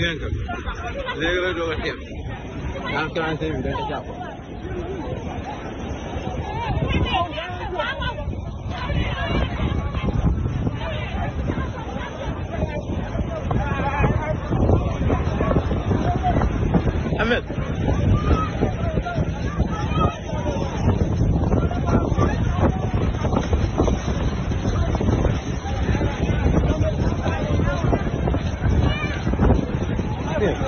léegi rek doo ko teew Thank you.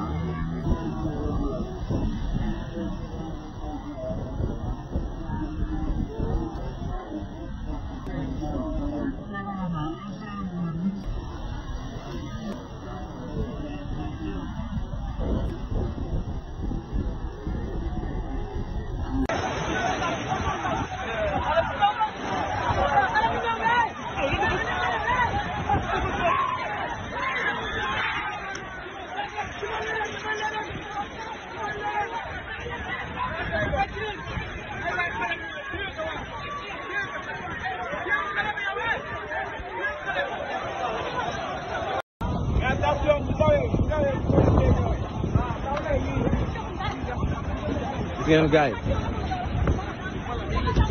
ngeen gaay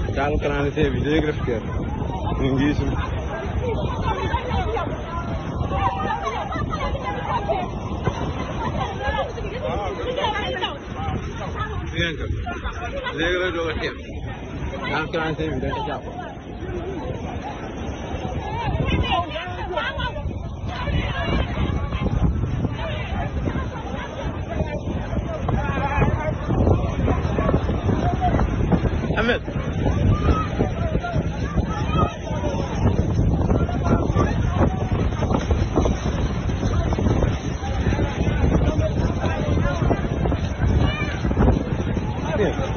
yi taalu canalisé bi léegi def kër ñu ngi suñu léegi la doog a teew taalu canalisé bi dañ ko jàpp Evet. Yeah.